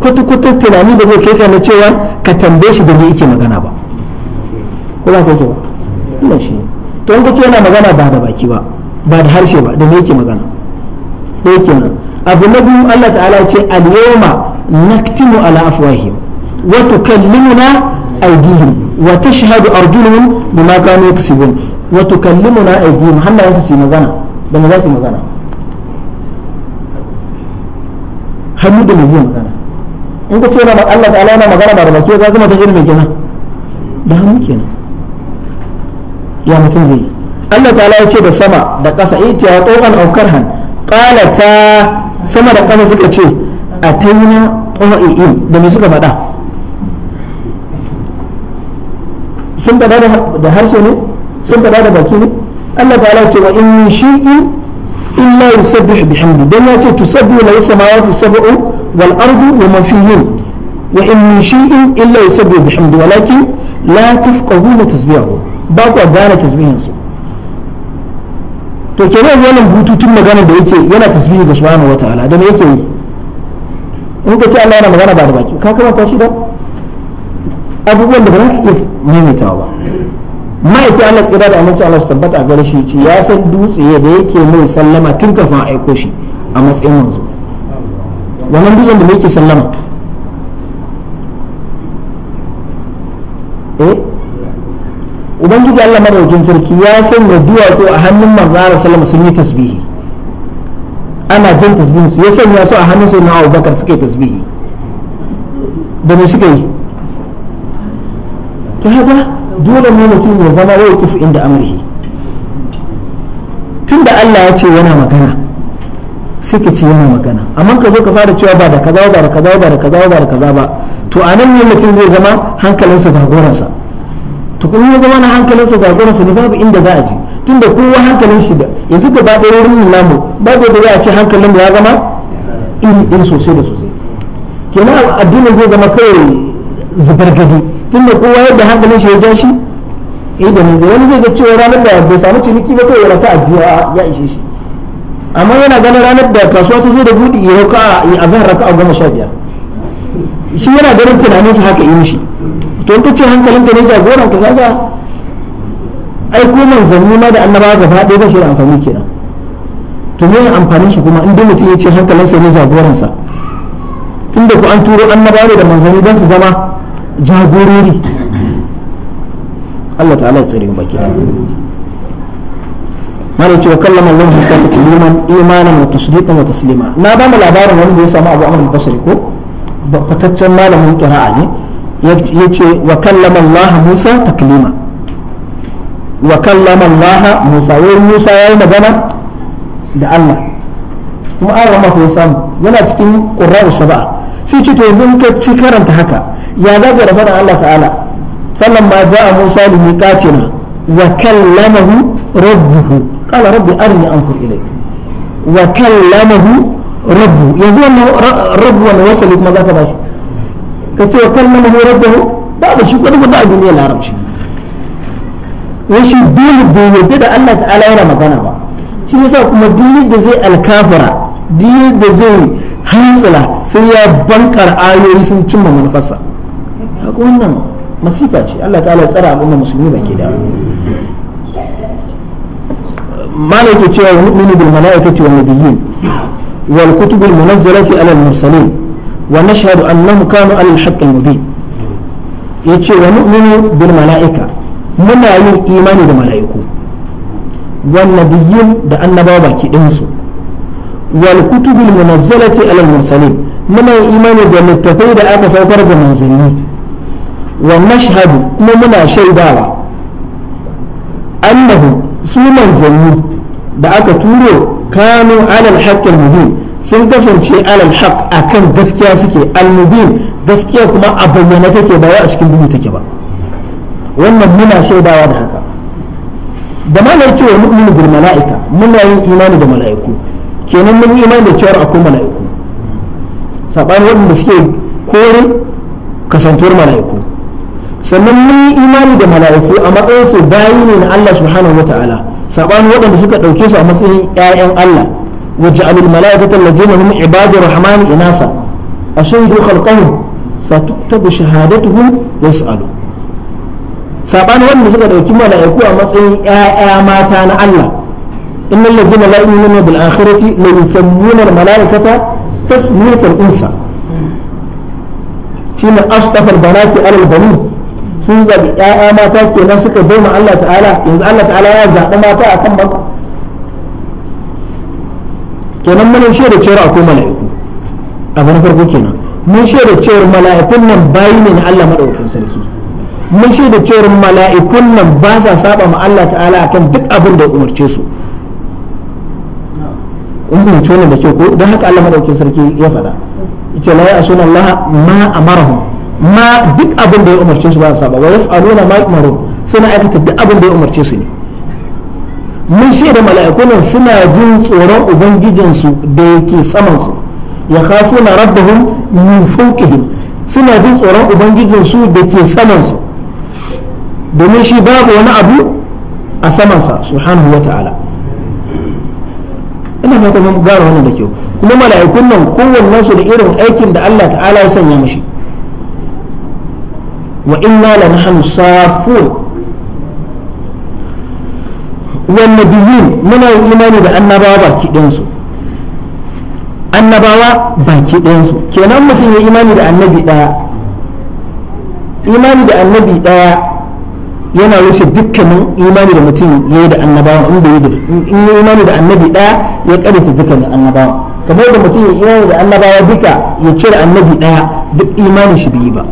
kwata kwata tunani ba zai kai ka na cewa ka tambaye shi da me yake magana ba ko za ka ce ba shi to in ka ce yana magana ba da baki ba ba da harshe ba da me yake magana da yake nan abu na biyu Allah ta'ala ya ce al-yawma naktimu ala afwahihim وتكلمنا أيديهم وتشهد أرجلهم بما كانوا يكسبون وتكلمنا أيديهم هل لا في مغانا بما لا في مغانا هل مدى ما في مغانا in ka ce mana Allah ta'ala yana magana ba da ga kuma ta irin mai kenan da hannu kenan ya mutum zai Allah ta'ala ya ce da sama da ƙasa itiya wa tawqan aw karhan qala ta sama da ƙasa suka ce ataina tawi'in da me suka faɗa sun fada da harshe ne sun fada da baki ne Allah ta'ala ce wa in shi'in illa yusabbihu bihamdi dan ya ce tusabbihu lahu samawati sab'u wal ardu wa man fihin wa in shi'in illa yusabbihu bihamdi walakin la tafqahuna tasbihahu ba ku gane tasbihin su to kenan wannan bututun magana da yake yana tasbihi ga subhanahu wataala dan yake yi in ka ce Allah yana magana ba da baki ka kama kwashi da abubuwan da ba za ka iya maimaitawa ba ma'aikin Allah tsira da amince Allah su tabbata a gare shi ci ya san dutse da yake mai sallama tun kafin aiko shi a matsayin manzo wannan dutsen da yake sallama eh ubangiji Allah madaukin sarki ya san sanya duwatsu a hannun manzo sallama sun yi tasbihi ana jin tasbihin su ya sanya su a hannun sai na Abubakar suka yi tasbihi da me suka yi kaga dole ne mutum ya zama wai kufu inda tun tunda Allah ya ce yana magana suka ka ce yana magana amma ka zo ka fara cewa ba da kaza ba da kaza ba da kaza ba da kaza ba to a nan ne mutum zai zama hankalinsa jagoransa to kuma ya zama na hankalinsa jagoransa ne babu inda za a ji tunda kowa hankalin shi da yanzu gaba ɗaya wurin namu babu da za a ce hankalin ya zama iri ɗin sosai da sosai kenan addinin zai zama kawai zubar gadi tun da kowa yadda hankalin shi ya ja shi idan eh, da wani zai ga cewa ranar da bai samu ciniki ba kawai raka a biyu ya ishe shi amma yana ganin ranar da kasuwa ta zo da budi ya raka a zan raka a goma sha biyar shi yana ganin tunaninsa haka yi mishi to in ka ce hankalinka ne jagoran ka kaga ai ko manzanni ma da annabawa gaba ɗaya ba shi da amfani kenan to me amfanin shi kuma in dai mutum ya ce sa ne jagoransa tunda ku an turo annabawa da manzanni don su zama jagorori Allah ta'ala baki mana cewa kallon Allah ta na ba mu labarin wani da ya samu Abu Amr al ko fataccen malamin qira'a ne yace wa kallama Allah Musa taklima wa kallama Allah Musa wai Musa yayi magana da Allah kuma an rama ko samu yana cikin qurra'u sab'a sai ce to yanzu ka ci karanta haka ya za ka rafa Allah ta'ala falan ma a Musa li miqatina wa kallamahu rabbuhu qala rabbi an anfur ilai wa kallamahu rabbu yanzu wannan rabbu wannan wasali kuma za ka bashi ka ce wa kallamahu rabbuhu ba da shi kwata da abin duniyar larabci wai shi dole bai yadda da Allah ta'ala yana magana ba shi yasa kuma dole da zai alkafara dole da zai hantsila sai ya bankar ayoyi sun cimma manufarsa wannan masifa ce Allah ta'ala tsara al'umma musulmi baki da malai ke cewa wa mu'minu bil mala'ikati wan nabiyyin wal kutubil munazzalati ala al mursalin wa nashhadu annahum kanu ala al haqqi al mubin yace wa mu'minu bil mala'ika muna yin imani da mala'iku wan nabiyyin da annabawa baki ɗayan su wal kutubil munazzalati ala al mursalin muna yin imani da littafai da aka saukar da manzanni wa nashhadu kuma muna shaidawa annahu su manzanni da aka turo kanu alal haqqil mubin sun kasance alal haqq akan gaskiya suke al mubin gaskiya kuma a bayyana take ba a cikin duhu take ba wannan muna shaidawa da haka da ma lai cewa mu'minu bil mala'ika muna yin imani da mala'iku kenan mun yi imani da cewa akwai mala'iku sabanin waɗanda suke kore kasantuwar mala'iku sannan mun yi imani da mala'iku a matsayin su bayi ne na Allah subhanahu wa ta'ala sabanin waɗanda suka ɗauke su a matsayin ƴaƴan Allah wa ja'alul mala'ikata allazina hum ibadur rahmani inafa ashhadu khalqahum satuktabu shahadatuhum yas'alu sabanin waɗanda suka ɗauki mala'iku a matsayin ƴaƴa mata na Allah innal ladzina la yu'minuna bil akhirati la yusammuna al mala'ikata tasmiyatan unsa shine ashtafal banati sun zabi ƴaƴa mata kenan suka bai Allah ta'ala yanzu Allah ta'ala ya zaɓi mata akan maza kenan mun shaida cewa akwai mala'iku abu na farko kenan mun shaida cewa mala'ikun nan bayi ne na Allah madaukakin sarki mun shaida cewa mala'ikun nan ba sa saba ma Allah ta'ala akan duk abin da umarce su in mun tona da ke ko dan haka Allah madaukakin sarki ya faɗa yace la asuna Allah ma amarahum ma duk abin da ya umarce su ba sa ba wa yaf'aluna ma yu'marun suna aikata duk abin da ya umarce su ne mun shi da mala'ikunan suna jin tsoron ubangijinsu da yake saman su ya khafuna rabbahum min fawqihim suna jin tsoron ubangijinsu da ke saman su domin shi babu wani abu a samansa subhanahu wa ta'ala ina fata mun gara wannan da kyau kuma mala'ikun nan kowannen su da irin aikin da Allah ta'ala ya sanya mishi وإنا لنحن الصافون والنبيين من الإيمان بأن بابا كدنسو annabawa baki su, kenan mutum ya imani da annabi ɗaya imani da annabi ɗaya yana rushe dukkanin imani da mutum ya yi da annabawa in bai in ya imani da annabi ɗaya ya ƙarfi dukkanin annabawa kamar da mutum ya imani da annabawa duka ya cire annabi ɗaya duk imani shi bai yi ba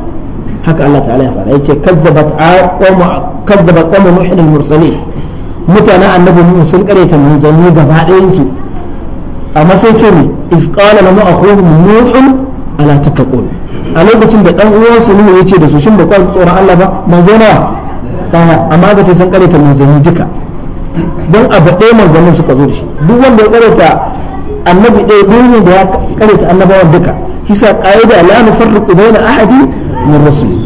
haka Allah ta'ala ya faɗa yace kazzabat qawmu kazzabat qawmu nuhin al-mursalin mutanen annabi mun sun kareta manzanni gaba ɗayan su amma sai ce ne if qala lahum akhuhum nuhun ala tattaqun a lokacin da dan su ne yace da su shin ba kwa tsoron Allah ba manzana daya amma ga ta san kareta manzanni duka don abu ɗaya manzannin suka zo da shi duk wanda ya kareta annabi ɗaya dole da ya kareta annabawan duka hisa qaida la nufarriqu bayna ahadin من رسله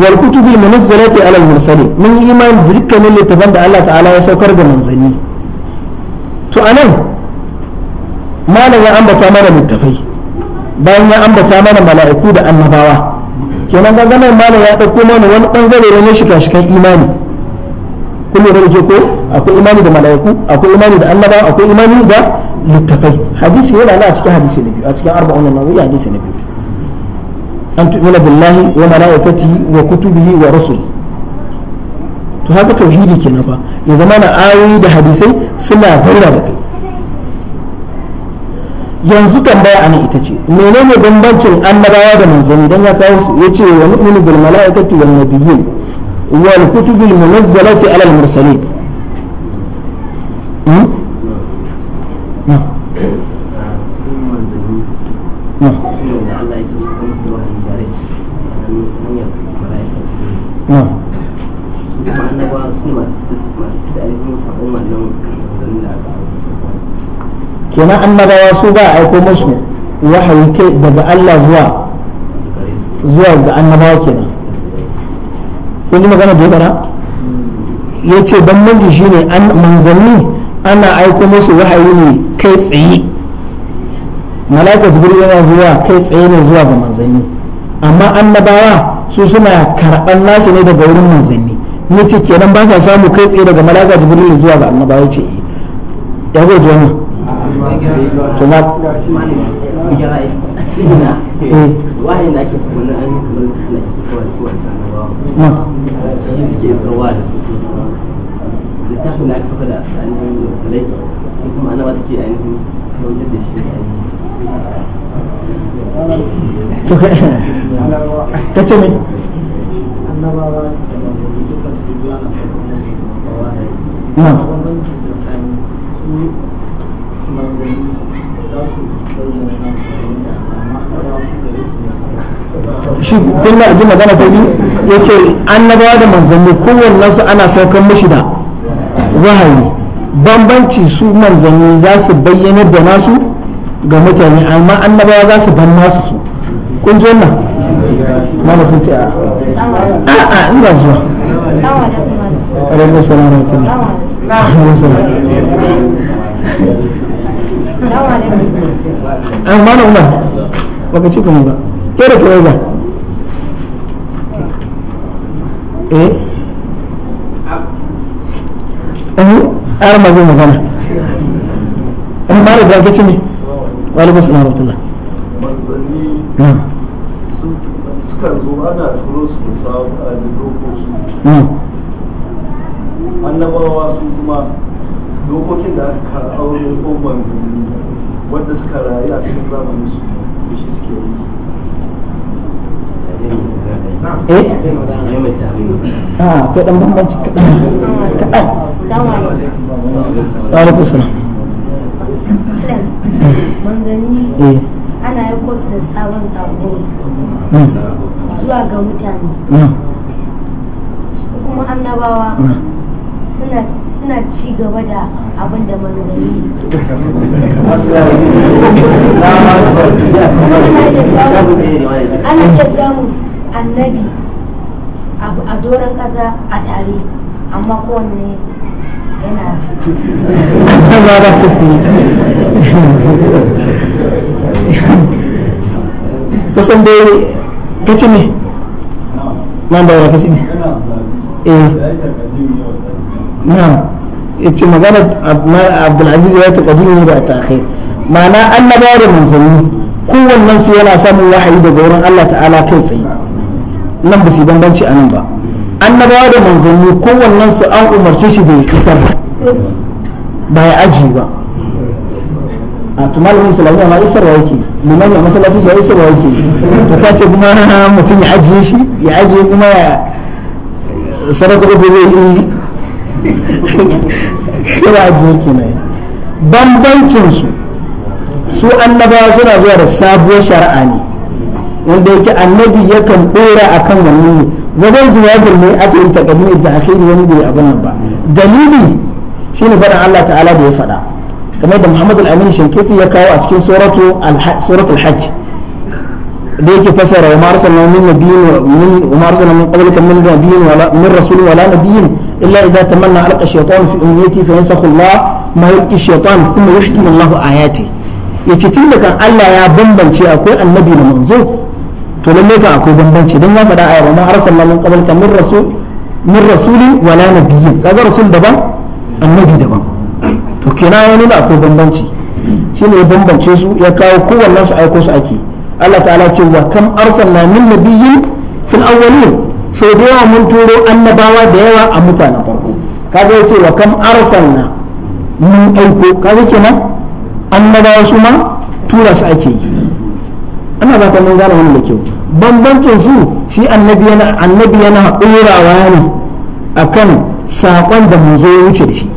والكتب المنزلة على المرسلين من إيمان ذلك من اللي تبند الله تعالى يسوكر بمنزلين to a malam ya ambata mana littafai bayan ya ambata mana mala'iku da annabawa kenan gaganar malam ya ɗauko mana wani ɓangare na shika-shikan imani ko akwai imani da mala'iku akwai imani da annaba akwai imani da littafai hadisi yana a cikin hadisi na biyu a cikin arba'un nawawi hadisi na biyu an tu'mina billahi wa malaikatihi wa kutubihi wa rusuli to haka tauhidi kenan fa ya zama na ayoyi da hadisai suna daura da kai yanzu tambaya anan ita ce menene bambancin annabawa da manzanni dan ya kawo su yace wa mu'minu bil malaikati wan nabiyyin wal kutubil munazzalati alal mursalin kenan annabawa su ba a aiko musu wahayi kai daga Allah zuwa zuwa ga annabawa kenan kun yi magana da bara ya ce don manji ne an manzanni ana aiko musu wahayi ne kai tsaye malaka jibril yana zuwa kai tsaye ne zuwa ga manzanni amma annabawa su suna karɓar nasu ne daga wurin manzanni ne ce kenan ba sa samu kai tsaye daga malaka jibril zuwa ga annabawa ce eh, ya goji wannan kuma wahayin da da ka ce annabawa da su shi kun na ji magana ta bi ya ce annabawa da manzanni kowanne su ana saukan mashi da wahayi bambanci su manzanni za su bayyana da nasu ga mutane amma annabawa za su ban nasu su kun ji wannan mana sun ce a a in ba zuwa alaikum salam wa rahmatullah an ah, mana umar baka ci kuma ba ke da ba eh, eh an ma zai magana an ma da ka ci ne walibin suna rutula manzanni suka zo ana turo su da sa'a da a ah, akwai dan bambanci kaɗan kaɗan wa alaikum salam manzanni eh. ana yi kosu da sabon sabo hmm. zuwa ga mutane hmm. kuma annabawa hmm. suna ci gaba da abin da manzanni ana iya mu annabi a doron kaza a tare amma kowanne yana da kuti kusan dai kaci ne nan da wani kaci ne eh na ce magana abdulaziz ya ta kadu ne da ta akhir ma'ana annabawa da manzanni kowannen su yana samun wahayi daga wurin Allah ta'ala kai tsaye nan ba su bambanci a nan ba annabawa da manzanni kowannen su an umarce shi da ya kisar ba ya aji ba a salami islamiyya ma wa yake liman ya masallaci shi isar wa yake to ka ce kuma mutum ya ajiye shi ya ajiye kuma ya sarakar uku zai yi kira ajiye kenan bambancin su su annabawa suna zuwa da sabuwar shari'a ne wanda yake annabi yakan dora akan wannan ne wajen jawabin ne aka yi takadimi da akhiri wani bai abin nan ba dalili shine faɗin Allah ta'ala da ya faɗa kamar da Muhammad al-Amin Shinkiti ya kawo a cikin suratu suratul hajj da yake fasara wa marsalna min nabiyyin min wa marsalna min qablika min nabiyyin wala min rasul wala nabiyyin illa idha tamanna alqa shaytan fi umniyati fa yansakhu Allah ma yulqi shaytan thumma yuhkimu Allah ayati yace tun da kan Allah ya bambance akwai annabi da manzo to lalle ka akwai bambanci dan ya faɗa a yau ma arsalna min qablika min rasul min rasuli wala nabiyyin kaga rasul daban annabi daban to kenan ya nuna akwai bambanci shine ya bambance su ya kawo kowanne su aiko su ake Allah ta'ala ce wa kam arsalna min nabiyyin fil awwalin sau da yawa mun turo annabawa da yawa a mutanen farko kaga yace wa kam arsalna mun aiko kaga kenan annabawa su ma tura su ake yi ana ba ta mun gane wani da kyau bambancin su shi annabi yana annabi ɗorawa ne akan saƙon da manzo ya wuce da shi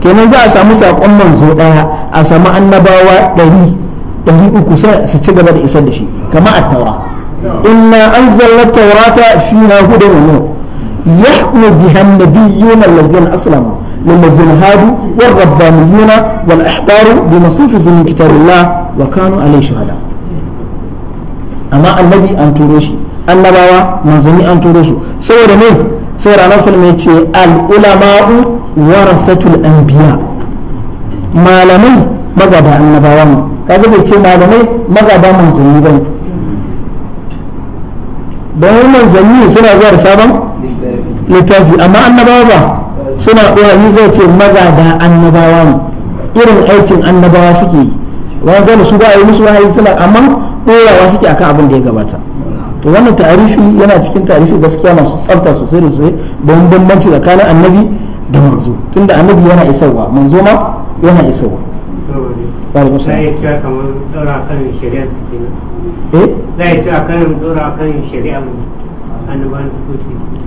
kenan za a samu saƙon manzo ɗaya a samu annabawa ɗari ɗari uku su ci gaba da isar da shi kama a taura inna an zalla taurata fi na hudu wa nur yahmu biha nabiyyun alladhina aslamu للذين هادوا والربانيون والأحبار بمصيف من كتاب الله وكانوا عليه شهداء amma annabi an turo shi annabawa manzanni an turo su saboda me saboda annabi sallallahu alaihi wasallam ya ce al ulama'u warasatul anbiya malamai magada annabawa ne kaga bai ce malamai magada manzanni bane don manzanni suna zuwa da sabon littafi amma annabawa ba suna ɗora yi zai ce magada annabawa ne irin aikin annabawa suke yi wani gani su ba a yi musu wahayi suna amma ɗorawa suke akan abin da ya gabata to wannan tarihi yana cikin tarihi gaskiya masu tsafta sosai da sosai don bambanci tsakanin annabi da manzo tunda annabi yana isarwa manzo ma yana isarwa za a ɗora shari'a eh?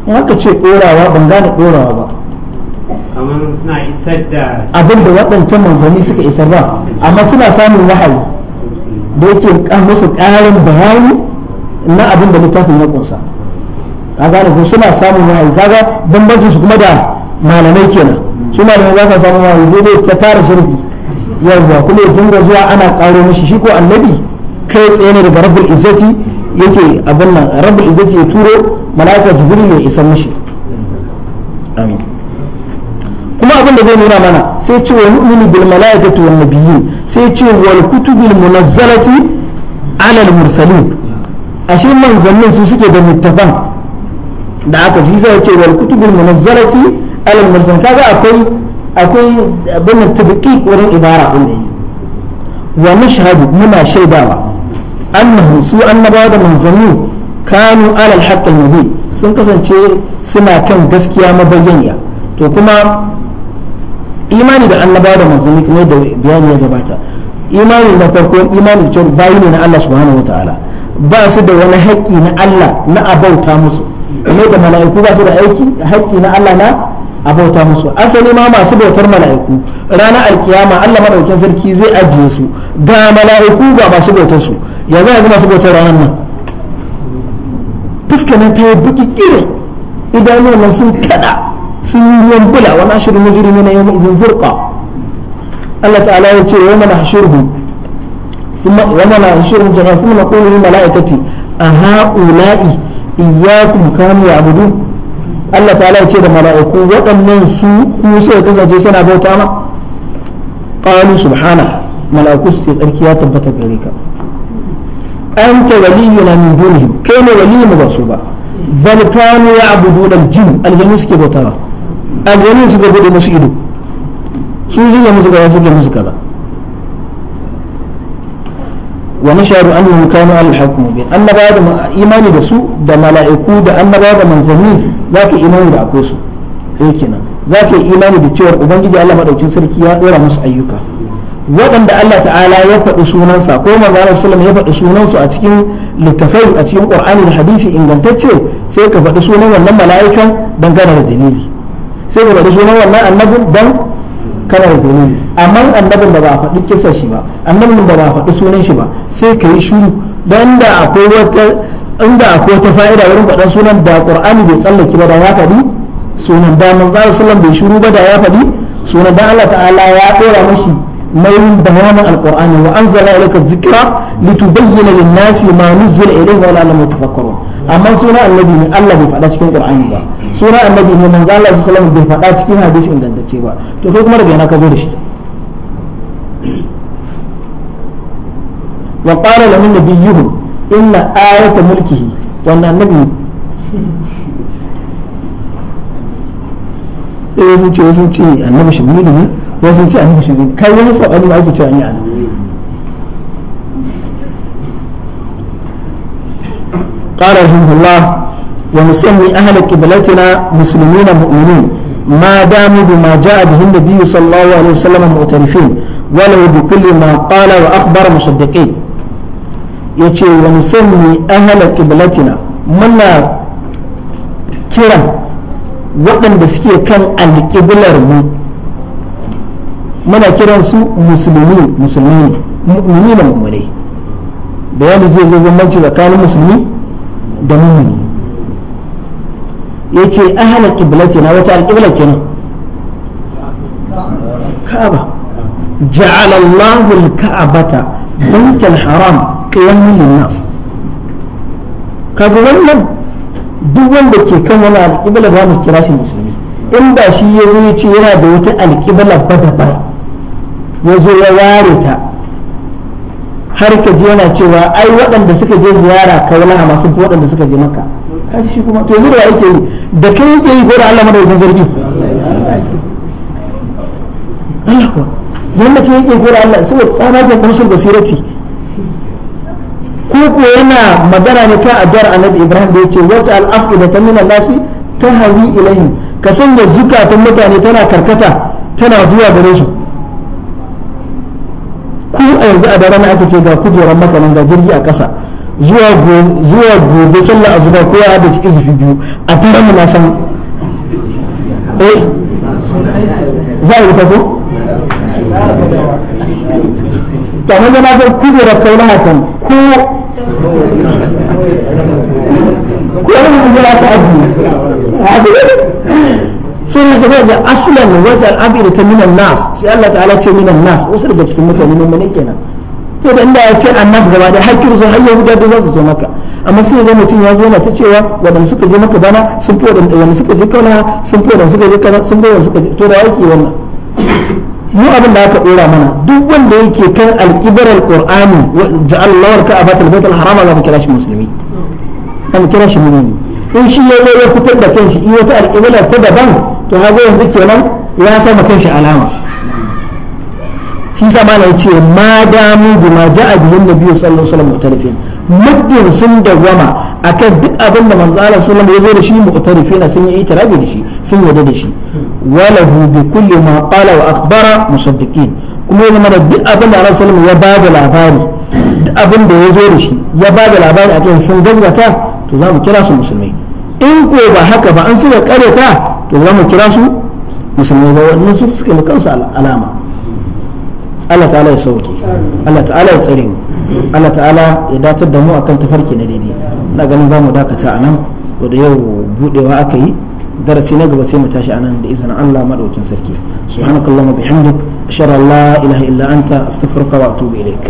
a haka ce ɗorawa ban gane ɗorawa ba kamar suna isar da abin da waɗancan manzanni suka isar ba amma suna samun wahayi da yake kan musu ƙarin bayani na abin da littafin ya kunsa ka gane ko suna samun wahayi kaga bambancin su kuma da malamai kenan su malamai ba sa samun wahayi zai dai ta tara shirki yawwa kuma ya dinga zuwa ana ƙaro mishi shi ko annabi kai tsaye ne daga rabbul izzati yake abin nan rabbul izzati ya turo mala'ika jibril ya isa mishi amin abin da zai nuna mana sai ce wa nu'minu bil malaikati wan nabiyyin sai ce wal kutubil munazzalati ala al mursalin ashe manzannin su suke da littafan da aka ji sai ce wal kutubil munazzalati ala al mursalin kaga akwai akwai abin tadqiq wurin ibara din ne wa nashhadu muna shaidawa annahu su annabawa da manzanni kanu ala al haqqi mubin sun kasance suna kan gaskiya mabayyaniya to kuma imani da annabawa da manzanni kuma da bayani ya gabata imani na farko imani da cewa bayi ne na Allah subhanahu wataala ba su da wani haƙƙi na Allah na abauta musu ne da mala'iku ba su da aiki haƙƙi na Allah na abauta musu asali ma masu bautar mala'iku ranar alkiyama Allah madaukin sarki zai ajiye su ga mala'iku ga masu bautar su ya za a ga masu bautar ranar nan fuskanin ta yi buki irin idanuwan sun kada sun yi ruwan bula wani ashirin mujirmi na yamma ibn zurqa Allah ta'ala ya ce yamma na hashirhu yamma na hashirhu jama'a sun na kone yi mala'ikati a ha'ula'i iyakun kanu ya abudu Allah ta'ala ya ce da mala'iku waɗannan su ku sai kasance suna bauta ma qalu subhana mala'iku su ce tsarki ya tabbata gare ka anta waliyuna min dunihim kai ne waliyu ba su ba bal kanu ya'buduna al-jinn aljannu suke bautawa aljanun suka bude masu ido su suka musu su suka musu kaza wa nashhadu annahum kanu al haqqi mubin annabawa da imani da su da mala'iku da annabawa da manzanni zaka imani da akwai su eh kenan zaka imani da cewa ubangiji Allah madaukin sarki ya dora musu ayyuka waɗanda Allah ta'ala ya faɗi sunansa ko manzo sallallahu ya faɗi sunansu a cikin littafai a cikin Qur'ani da hadisi ingantacce sai ka faɗi sunan wannan mala'ikan dangane da dalili sai ka faɗi sunan wannan annabin don kana da dalili amma annabin da ba a faɗi kisa shi ba annabin da ba a faɗi sunan shi ba sai ka yi shuru don da akwai wata inda akwai wata fa'ida wurin faɗan sunan da qur'ani bai tsallake ba da ya faɗi sunan da manzo sallallahu bai shuru ba da ya faɗi sunan da Allah ta'ala ya dora mashi nauyin bayanin alqur'ani wa anzala ilayka dhikra litubayyana lin-nasi ma nuzila ilayhim wa la'allahum yatafakkarun amma suna annabi ne Allah bai faɗa cikin qur'ani ba suna annabi ne manzo Allah sallallahu alaihi wasallam bai faɗa cikin hadisi ingantacce ba to kai kuma daga yana ka zo da shi wa qala lahum nabiyuhum inna ayata mulkihi wannan annabi sai sun ce sun ce annabi shamilu ne wasu ce an yi shirka kai wani sabani da ake cewa an yi ana قال رحمه الله ونسمي أهل قبلتنا مسلمين مؤمنين ما داموا بما جاء به النبي صلى الله عليه وسلم معترفين ولو بكل ما قال وأخبر مصدقين يتي ونسمي أهل قبلتنا منا كرم وقن بسكي كان القبلة رمي muna kiran su musulmi musulmi mu'mini da mu'minai bayani zai zo bambanci tsakanin musulmi da mu'mini yace ahla qiblatina wata alqibla kenan ka'aba ja'ala Allahu al-ka'bata baytal haram qiyaman lin-nas kaga wannan duk wanda ke kan wani alƙibla ba mu kira shi musulmi in ba shi ya zo ya ce yana da wata alƙibla ba da ba ya zo ya ware ta har ka ji yana cewa ai waɗanda suka je ziyara ka kaulaha masu fi waɗanda suka je maka kaji shi kuma to yanzu da yake yi da kai yake yi gore Allah madaukakin sarki Allah ko yanda kai yake gore Allah saboda tsabagen kamshin basirati ko ko yana magana ne kan addu'ar Annabi Ibrahim da yake wata al'afida ta min nasi ta hawi ilaihim ka sanya zukatan mutane tana karkata tana zuwa gare su yanzu a daren aka ce ga kujerar maka ga jirgi a ƙasa zuwa gobe sallah a zuba kowa da ci izifi biyu a tara mu na san eh za a yi ta ko ta wanda na san kujerar kai na hakan ko ko yana wani kujera ta ajiye so ne ka ga aslan wajen abida ta minan nas sai Allah ta'ala ce minan nas wasu daga cikin mutane ne mun kenan to da inda ya ce annas gaba da hakkin su har yahuda da za su zo maka amma sai ga mutum ya zo yana ta cewa wadanda suka je maka bana sun fi wadanda suka je kauna sun fi wadanda suka je kaza sun fi wadanda suka je to da yake wannan mu abin da aka dora mana duk wanda yake kan alkibar alqur'ani ja'alallahu ka'abat albayt alharama za mu kira shi musulmi an kira shi mu'mini in shi ya zo ya fitar da kanshi in wata alƙibla ta daban to hago yanzu kenan ya sama kanshi alama shi sa ma ce ma damu bi ma ja'a bihin nabiyyu sallallahu alaihi wasallam mutarifin muddin sun dawwama akan duk abin da manzo Allah sallallahu alaihi wasallam ya zo da shi mutarifin sun yi itirabi da shi sun yarda da shi walahu bi kulli ma qala wa akhbara musaddiqin kuma ya zama da duk abin da Rasulullah ya ba da labari duk abin da ya zo da shi ya ba da labari a kan sun gazgata to za mu kira su musulmai in ko ba haka ba an suka kare ta to za mu kira su musulmai ba wannan su suka yi kansu alama Allah ta'ala ya sauke Allah ta'ala ya tsare mu Allah ta'ala ya datar da mu akan tafarki na daidai na ganin za mu dakata a nan wadda yau budewa aka yi darasi na gaba sai mu tashi a nan da izinin Allah maɗaukin sarki subhanakallahumma bihamdik ashhadu la ilaha illa anta astaghfiruka wa atubu ilaik